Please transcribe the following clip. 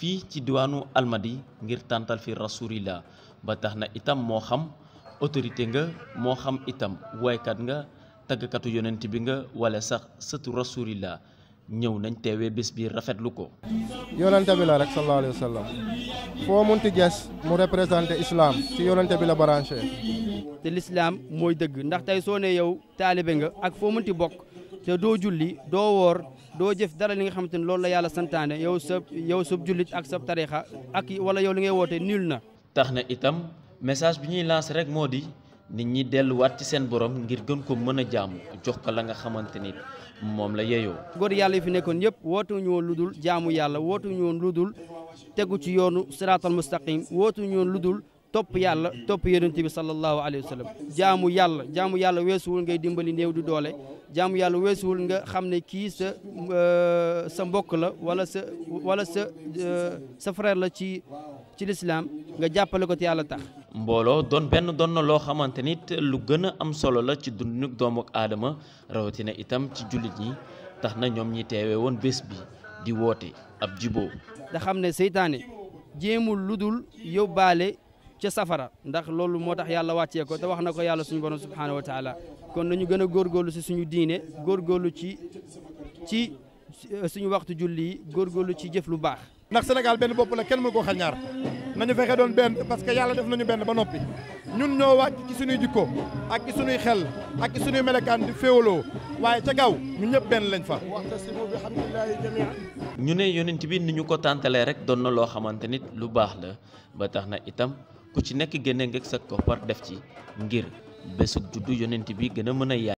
fii ci diwaanu almadi ngir tàntal fi rasulillah ba tax na itam moo xam autorité nga moo xam itam woykat nga taggkatu yonent bi nga wala sax sëtu rasulillah ñëw nañ teewee bés bi rafetlu ko yonente bi la rek sallallahu alayhi wa sallam foo munti ges mu représenté islam ci yonente bi la branché te l'islam mooy dëgg ndax tey soo ne yow taalibe nga ak foo munti bokk te doo julli doo woor doo jëf dara li nga xamante ni loolu la yàlla santaane yow sab yow sab jullit ak sab tariixa ak wala yow li ngay woote nul na. tax na itam message bi ñuy laas rek moo di nit ñi delluwaat ci seen borom ngir gën ko mën a jaamu jox ko la nga xamante ni moom la yeyoo. góor yàlla yi fi nekkoon yëpp wootuñu woon lu dul jaamu yàlla wootuñu woon lu dul tegu ci yoonu siraatal mustaqim wootuñu woon lu dul topp yàlla topp yonent bi sallallahu alayhi wa sallam jaamu yàlla jaamu yàlla weesuwul ngay dimbali néew di doole jaamu yàlla weesuwul nga xam ne kii sa euh, sa mbokk la wala sa wala sa euh, sa frère la ci ci lislaam nga jàppale ko te yàlla tax mbooloo doon benn doon na loo xamante nit lu gën a am solo la ci dunduk doomu aadama rawatina itam ci jullit ñi tax na ñoom ñi teewee woon bés bi di woote ab jiboo da ne seytaane jéemul ludul yóbbaale ca safara ndax loolu moo tax yàlla wàccee ko te wax na ko yàlla suñu borom subhaanahu wa taala kon nañu gën góor góorgóorlu si suñu diine góorgóorlu ci ci euh, suñu waxtu julli yi góorgóorlu ci jëf lu baax. ndax Sénégal benn bopp la kenn mënu koo xal ñaar nañu fexe doon benn parce que yàlla def nañu benn ba noppi ñun ñoo wàcc ci suñuy jikko ak ci suñuy xel ak ci suñuy melokaan di féewaloo waaye ca gaaw ñun ñëpp benn lañ fa. ñu ne yonent bi ni ñu ko tàntalee rek doon na loo xamante nit lu baax la ba tax na itam. ku ci nekk génnee nga sa koppar def ci ngir bésug juddu yonent bi gën a mën a yaay